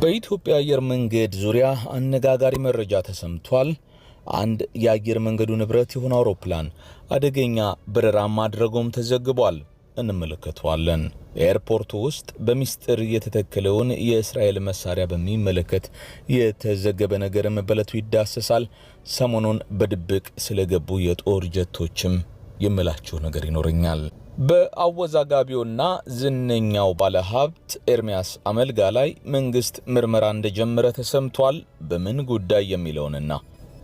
በኢትዮጵያ አየር መንገድ ዙሪያ አነጋጋሪ መረጃ ተሰምቷል። አንድ የአየር መንገዱ ንብረት የሆነ አውሮፕላን አደገኛ በረራ ማድረጉም ተዘግቧል። እንመለከተዋለን። ኤርፖርቱ ውስጥ በሚስጥር የተተከለውን የእስራኤል መሳሪያ በሚመለከት የተዘገበ ነገርም በለቱ ይዳሰሳል። ሰሞኑን በድብቅ ስለገቡ የጦር ጀቶችም የምላችሁ ነገር ይኖረኛል። በአወዛጋቢውና ዝነኛው ባለሀብት ኤርሚያስ አመልጋ ላይ መንግስት ምርመራ እንደጀመረ ተሰምቷል። በምን ጉዳይ የሚለውንና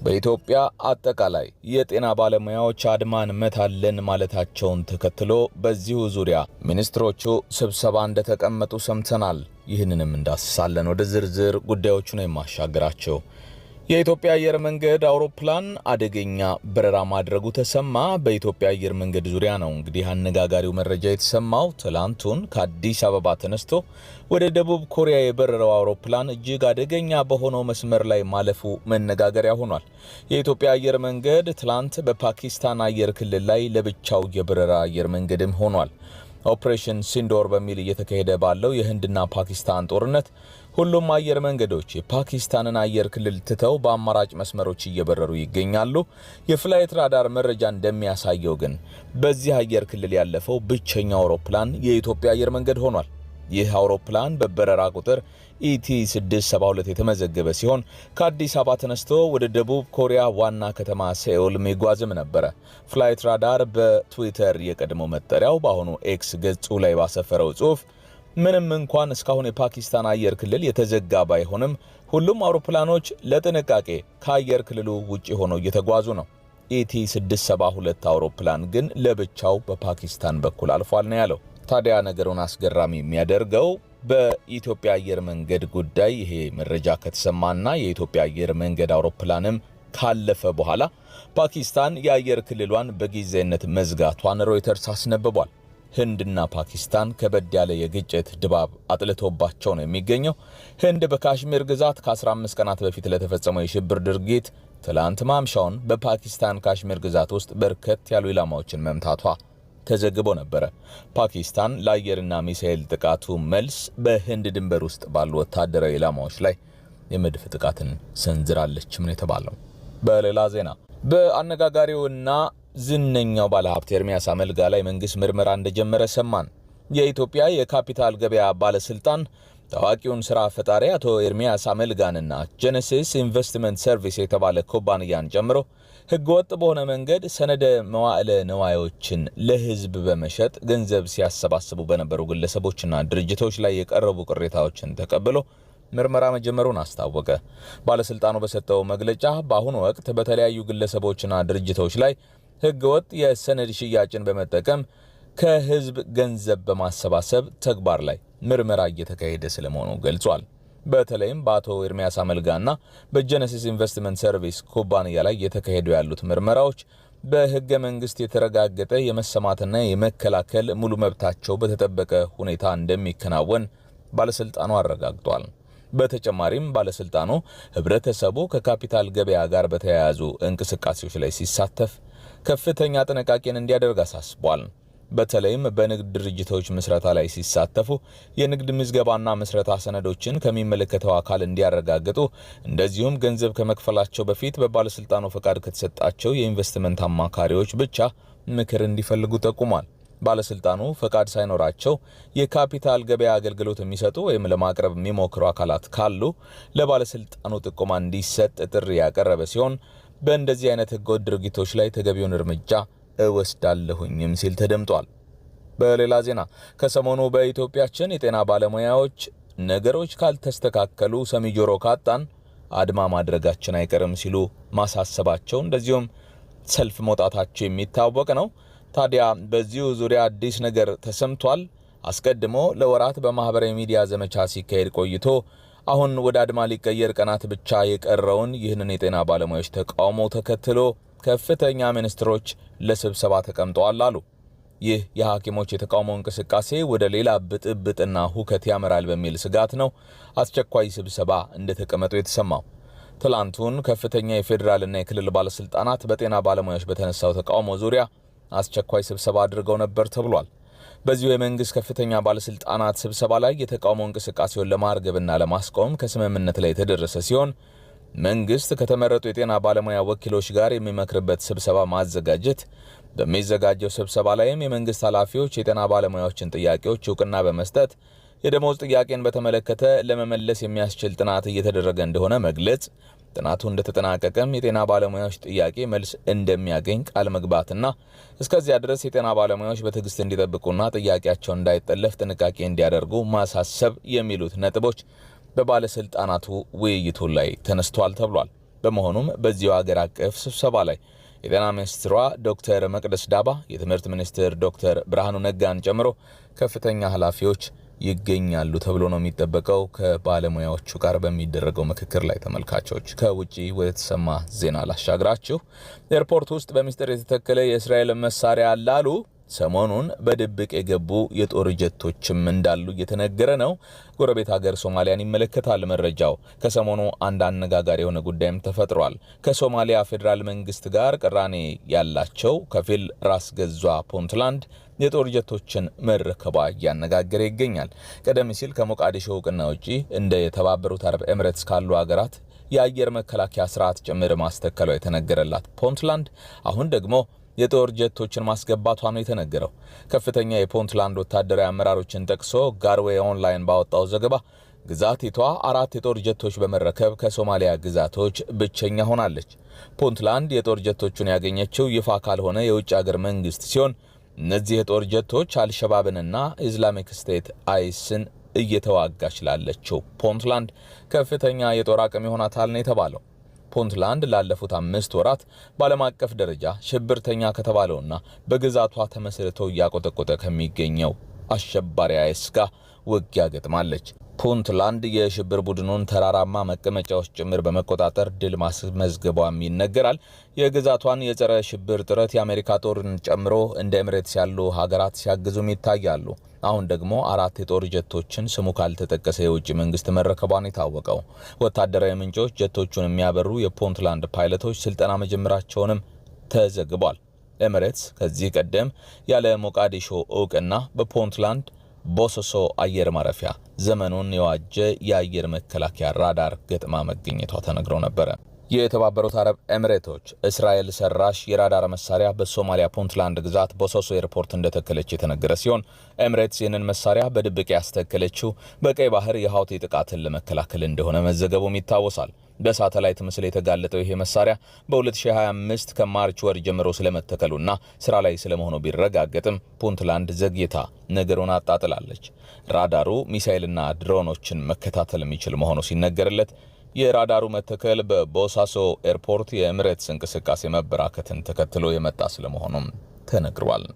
በኢትዮጵያ አጠቃላይ የጤና ባለሙያዎች አድማ እንመታለን ማለታቸውን ተከትሎ በዚሁ ዙሪያ ሚኒስትሮቹ ስብሰባ እንደተቀመጡ ሰምተናል። ይህንንም እንዳስሳለን። ወደ ዝርዝር ጉዳዮቹ ነው የማሻግራቸው። የኢትዮጵያ አየር መንገድ አውሮፕላን አደገኛ በረራ ማድረጉ ተሰማ። በኢትዮጵያ አየር መንገድ ዙሪያ ነው እንግዲህ አነጋጋሪው መረጃ የተሰማው። ትላንቱን ከአዲስ አበባ ተነስቶ ወደ ደቡብ ኮሪያ የበረረው አውሮፕላን እጅግ አደገኛ በሆነው መስመር ላይ ማለፉ መነጋገሪያ ሆኗል። የኢትዮጵያ አየር መንገድ ትላንት በፓኪስታን አየር ክልል ላይ ለብቻው የበረራ አየር መንገድም ሆኗል። ኦፕሬሽን ሲንዶር በሚል እየተካሄደ ባለው የህንድና ፓኪስታን ጦርነት ሁሉም አየር መንገዶች የፓኪስታንን አየር ክልል ትተው በአማራጭ መስመሮች እየበረሩ ይገኛሉ። የፍላይት ራዳር መረጃ እንደሚያሳየው ግን በዚህ አየር ክልል ያለፈው ብቸኛው አውሮፕላን የኢትዮጵያ አየር መንገድ ሆኗል። ይህ አውሮፕላን በበረራ ቁጥር ኢቲ 672 የተመዘገበ ሲሆን ከአዲስ አበባ ተነስቶ ወደ ደቡብ ኮሪያ ዋና ከተማ ሴኦል የሚጓዝም ነበረ። ፍላይት ራዳር በትዊተር የቀድሞ መጠሪያው በአሁኑ ኤክስ ገጹ ላይ ባሰፈረው ጽሑፍ ምንም እንኳን እስካሁን የፓኪስታን አየር ክልል የተዘጋ ባይሆንም ሁሉም አውሮፕላኖች ለጥንቃቄ ከአየር ክልሉ ውጭ ሆነው እየተጓዙ ነው። ኢቲ 672 አውሮፕላን ግን ለብቻው በፓኪስታን በኩል አልፏል ነው ያለው። ታዲያ ነገሩን አስገራሚ የሚያደርገው በኢትዮጵያ አየር መንገድ ጉዳይ ይሄ መረጃ ከተሰማና የኢትዮጵያ አየር መንገድ አውሮፕላንም ካለፈ በኋላ ፓኪስታን የአየር ክልሏን በጊዜነት መዝጋቷን ሮይተርስ አስነብቧል። ህንድና ፓኪስታን ከበድ ያለ የግጭት ድባብ አጥልቶባቸው ነው የሚገኘው። ህንድ በካሽሚር ግዛት ከ15 ቀናት በፊት ለተፈጸመው የሽብር ድርጊት ትላንት ማምሻውን በፓኪስታን ካሽሚር ግዛት ውስጥ በርከት ያሉ ኢላማዎችን መምታቷ ተዘግቦ ነበረ። ፓኪስታን ለአየርና ሚሳኤል ጥቃቱ መልስ በህንድ ድንበር ውስጥ ባሉ ወታደራዊ ኢላማዎች ላይ የመድፍ ጥቃትን ሰንዝራለችም ነው የተባለው። በሌላ ዜና በአነጋጋሪውና ዝነኛው ባለሀብት ኤርሚያስ አመልጋ ላይ መንግስት ምርመራ እንደጀመረ ሰማን። የኢትዮጵያ የካፒታል ገበያ ባለስልጣን ታዋቂውን ስራ ፈጣሪ አቶ ኤርሚያስ አመልጋንና ጀነሲስ ኢንቨስትመንት ሰርቪስ የተባለ ኩባንያን ጨምሮ ህገወጥ በሆነ መንገድ ሰነደ መዋዕለ ነዋዮችን ለህዝብ በመሸጥ ገንዘብ ሲያሰባስቡ በነበሩ ግለሰቦችና ድርጅቶች ላይ የቀረቡ ቅሬታዎችን ተቀብሎ ምርመራ መጀመሩን አስታወቀ። ባለስልጣኑ በሰጠው መግለጫ በአሁኑ ወቅት በተለያዩ ግለሰቦችና ድርጅቶች ላይ ህገወጥ የሰነድ ሽያጭን በመጠቀም ከህዝብ ገንዘብ በማሰባሰብ ተግባር ላይ ምርመራ እየተካሄደ ስለመሆኑ ገልጿል። በተለይም በአቶ ኤርሚያስ አመልጋና በጀነሲስ ኢንቨስትመንት ሰርቪስ ኩባንያ ላይ እየተካሄዱ ያሉት ምርመራዎች በህገ መንግስት የተረጋገጠ የመሰማትና የመከላከል ሙሉ መብታቸው በተጠበቀ ሁኔታ እንደሚከናወን ባለስልጣኑ አረጋግጧል። በተጨማሪም ባለስልጣኑ ህብረተሰቡ ከካፒታል ገበያ ጋር በተያያዙ እንቅስቃሴዎች ላይ ሲሳተፍ ከፍተኛ ጥንቃቄን እንዲያደርግ አሳስቧል። በተለይም በንግድ ድርጅቶች ምስረታ ላይ ሲሳተፉ የንግድ ምዝገባና ምስረታ ሰነዶችን ከሚመለከተው አካል እንዲያረጋግጡ እንደዚሁም ገንዘብ ከመክፈላቸው በፊት በባለስልጣኑ ፈቃድ ከተሰጣቸው የኢንቨስትመንት አማካሪዎች ብቻ ምክር እንዲፈልጉ ጠቁሟል። ባለስልጣኑ ፈቃድ ሳይኖራቸው የካፒታል ገበያ አገልግሎት የሚሰጡ ወይም ለማቅረብ የሚሞክሩ አካላት ካሉ ለባለስልጣኑ ጥቆማ እንዲሰጥ ጥሪ ያቀረበ ሲሆን በእንደዚህ አይነት ህገወጥ ድርጊቶች ላይ ተገቢውን እርምጃ እወስዳለሁኝም ሲል ተደምጧል። በሌላ ዜና ከሰሞኑ በኢትዮጵያችን የጤና ባለሙያዎች ነገሮች ካልተስተካከሉ ሰሚ ጆሮ ካጣን አድማ ማድረጋችን አይቀርም ሲሉ ማሳሰባቸው እንደዚሁም ሰልፍ መውጣታቸው የሚታወቅ ነው። ታዲያ በዚሁ ዙሪያ አዲስ ነገር ተሰምቷል። አስቀድሞ ለወራት በማህበራዊ ሚዲያ ዘመቻ ሲካሄድ ቆይቶ አሁን ወደ አድማ ሊቀየር ቀናት ብቻ የቀረውን ይህንን የጤና ባለሙያዎች ተቃውሞ ተከትሎ ከፍተኛ ሚኒስትሮች ለስብሰባ ተቀምጠዋል አሉ። ይህ የሐኪሞች የተቃውሞ እንቅስቃሴ ወደ ሌላ ብጥብጥና ሁከት ያመራል በሚል ስጋት ነው አስቸኳይ ስብሰባ እንደተቀመጡ የተሰማው። ትላንቱን ከፍተኛ የፌዴራልና የክልል ባለስልጣናት በጤና ባለሙያዎች በተነሳው ተቃውሞ ዙሪያ አስቸኳይ ስብሰባ አድርገው ነበር ተብሏል። በዚሁ የመንግስት ከፍተኛ ባለስልጣናት ስብሰባ ላይ የተቃውሞ እንቅስቃሴውን ለማርገብና ለማስቆም ከስምምነት ላይ የተደረሰ ሲሆን መንግስት ከተመረጡ የጤና ባለሙያ ወኪሎች ጋር የሚመክርበት ስብሰባ ማዘጋጀት በሚዘጋጀው ስብሰባ ላይም የመንግስት ኃላፊዎች የጤና ባለሙያዎችን ጥያቄዎች እውቅና በመስጠት የደሞዝ ጥያቄን በተመለከተ ለመመለስ የሚያስችል ጥናት እየተደረገ እንደሆነ መግለጽ፣ ጥናቱ እንደተጠናቀቀም የጤና ባለሙያዎች ጥያቄ መልስ እንደሚያገኝ ቃል መግባትና እስከዚያ ድረስ የጤና ባለሙያዎች በትዕግስት እንዲጠብቁና ጥያቄያቸው እንዳይጠለፍ ጥንቃቄ እንዲያደርጉ ማሳሰብ የሚሉት ነጥቦች በባለስልጣናቱ ውይይቱ ላይ ተነስቷል ተብሏል። በመሆኑም በዚሁ አገር አቀፍ ስብሰባ ላይ የጤና ሚኒስትሯ ዶክተር መቅደስ ዳባ የትምህርት ሚኒስትር ዶክተር ብርሃኑ ነጋን ጨምሮ ከፍተኛ ኃላፊዎች ይገኛሉ ተብሎ ነው የሚጠበቀው። ከባለሙያዎቹ ጋር በሚደረገው ምክክር ላይ ተመልካቾች፣ ከውጭ ወደ ተሰማ ዜና ላሻግራችሁ። ኤርፖርት ውስጥ በሚስጥር የተተከለ የእስራኤል መሳሪያ አላሉ። ሰሞኑን በድብቅ የገቡ የጦር ጀቶችም እንዳሉ እየተነገረ ነው። ጎረቤት ሀገር ሶማሊያን ይመለከታል መረጃው። ከሰሞኑ አንድ አነጋጋሪ የሆነ ጉዳይም ተፈጥሯል። ከሶማሊያ ፌዴራል መንግስት ጋር ቅራኔ ያላቸው ከፊል ራስ ገዟ ፑንትላንድ የጦር ጀቶችን መረከቧ እያነጋገረ ይገኛል። ቀደም ሲል ከሞቃዲሾ እውቅና ውጪ እንደ የተባበሩት አረብ ኤምሬትስ ካሉ ሀገራት የአየር መከላከያ ስርዓት ጭምር ማስተከሏ የተነገረላት ፑንትላንድ አሁን ደግሞ የጦር ጀቶችን ማስገባቷ ነው የተነገረው። ከፍተኛ የፑንትላንድ ወታደራዊ አመራሮችን ጠቅሶ ጋርዌ ኦንላይን ባወጣው ዘገባ ግዛቲቷ አራት የጦር ጀቶች በመረከብ ከሶማሊያ ግዛቶች ብቸኛ ሆናለች። ፑንትላንድ የጦር ጀቶቹን ያገኘችው ይፋ ካልሆነ የውጭ አገር መንግስት ሲሆን እነዚህ የጦር ጀቶች አልሸባብንና ኢስላሚክ ስቴት አይስን እየተዋጋች ላለችው ፑንትላንድ ከፍተኛ የጦር አቅም ይሆናታል ነው የተባለው። ፑንትላንድ ላለፉት አምስት ወራት በዓለም አቀፍ ደረጃ ሽብርተኛ ከተባለውና በግዛቷ ተመስርቶ እያቆጠቆጠ ከሚገኘው አሸባሪ አይስ ጋር ውጊያ ገጥማለች። ፑንትላንድ የሽብር ቡድኑን ተራራማ መቀመጫዎች ጭምር በመቆጣጠር ድል ማስመዝገቧም ይነገራል። የግዛቷን የጸረ ሽብር ጥረት የአሜሪካ ጦርን ጨምሮ እንደ ኤምሬትስ ያሉ ሀገራት ሲያግዙም ይታያሉ። አሁን ደግሞ አራት የጦር ጀቶችን ስሙ ካልተጠቀሰ የውጭ መንግስት መረከቧን የታወቀው ወታደራዊ ምንጮች ጀቶቹን የሚያበሩ የፑንትላንድ ፓይለቶች ስልጠና መጀመራቸውንም ተዘግቧል። ኤምሬትስ ከዚህ ቀደም ያለ ሞቃዲሾ እውቅና በፑንትላንድ ቦሶሶ አየር ማረፊያ ዘመኑን የዋጀ የአየር መከላከያ ራዳር ገጥማ መገኘቷ ተነግሮ ነበረ። የተባበሩት አረብ ኤምሬቶች እስራኤል ሰራሽ የራዳር መሳሪያ በሶማሊያ ፑንትላንድ ግዛት ቦሶሶ ኤርፖርት እንደተከለች የተነገረ ሲሆን ኤምሬትስ ይህንን መሳሪያ በድብቅ ያስተከለችው በቀይ ባህር የሀውቴ ጥቃትን ለመከላከል እንደሆነ መዘገቡም ይታወሳል። በሳተላይት ምስል የተጋለጠው ይሄ መሳሪያ በ2025 ከማርች ወር ጀምሮ ስለመተከሉና ስራ ላይ ስለመሆኑ ቢረጋገጥም ፑንትላንድ ዘግይታ ነገሩን አጣጥላለች። ራዳሩ ሚሳይልና ድሮኖችን መከታተል የሚችል መሆኑ ሲነገርለት የራዳሩ መተከል በቦሳሶ ኤርፖርት የኤምሬትስ እንቅስቃሴ መበራከትን ተከትሎ የመጣ ስለመሆኑም ተነግሯል።